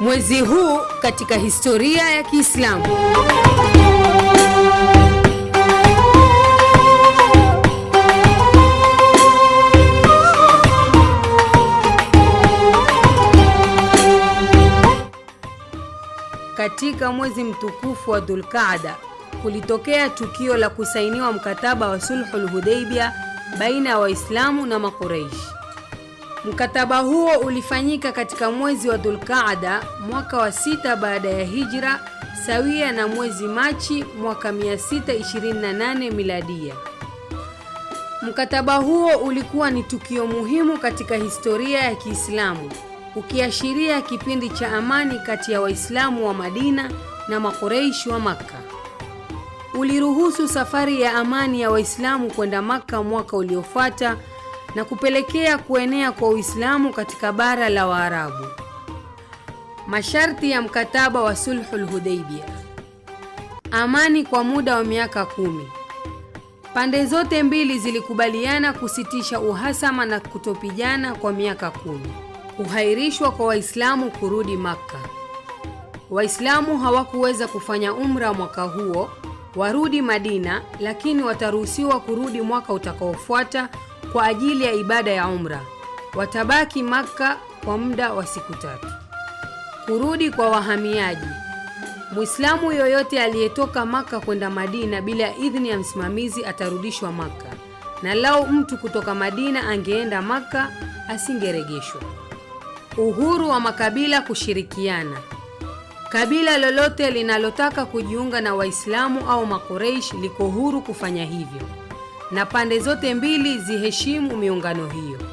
Mwezi huu katika historia ya Kiislamu. Katika mwezi mtukufu wa Dhulqaada kulitokea tukio la kusainiwa mkataba wa sulhul Hudaybia baina ya Waislamu na Makuraishi. Mkataba huo ulifanyika katika mwezi wa Dhulqaada mwaka wa sita baada ya hijra, sawia na mwezi Machi mwaka 628 miladia. Mkataba huo ulikuwa ni tukio muhimu katika historia ya Kiislamu, ukiashiria kipindi cha amani kati ya Waislamu wa Madina na makureishi wa Makka. Uliruhusu safari ya amani ya Waislamu kwenda Makka mwaka uliofuata na kupelekea kuenea kwa Uislamu katika bara la Waarabu. Masharti ya mkataba wa Sulhul Hudaybiyah: amani kwa muda wa miaka kumi. Pande zote mbili zilikubaliana kusitisha uhasama na kutopigana kwa miaka kumi. Kuhairishwa kwa Waislamu kurudi Makka. Waislamu hawakuweza kufanya umra mwaka huo, warudi Madina, lakini wataruhusiwa kurudi mwaka utakaofuata kwa ajili ya ibada ya umra. Watabaki Makka kwa muda wa siku tatu. Kurudi kwa wahamiaji. Muislamu yoyote aliyetoka Makka kwenda Madina bila ya idhini ya msimamizi atarudishwa Makka, na lau mtu kutoka Madina angeenda Makka asingeregeshwa. Uhuru wa makabila kushirikiana. Kabila lolote linalotaka kujiunga na Waislamu au Makoreishi liko huru kufanya hivyo na pande zote mbili ziheshimu miungano hiyo.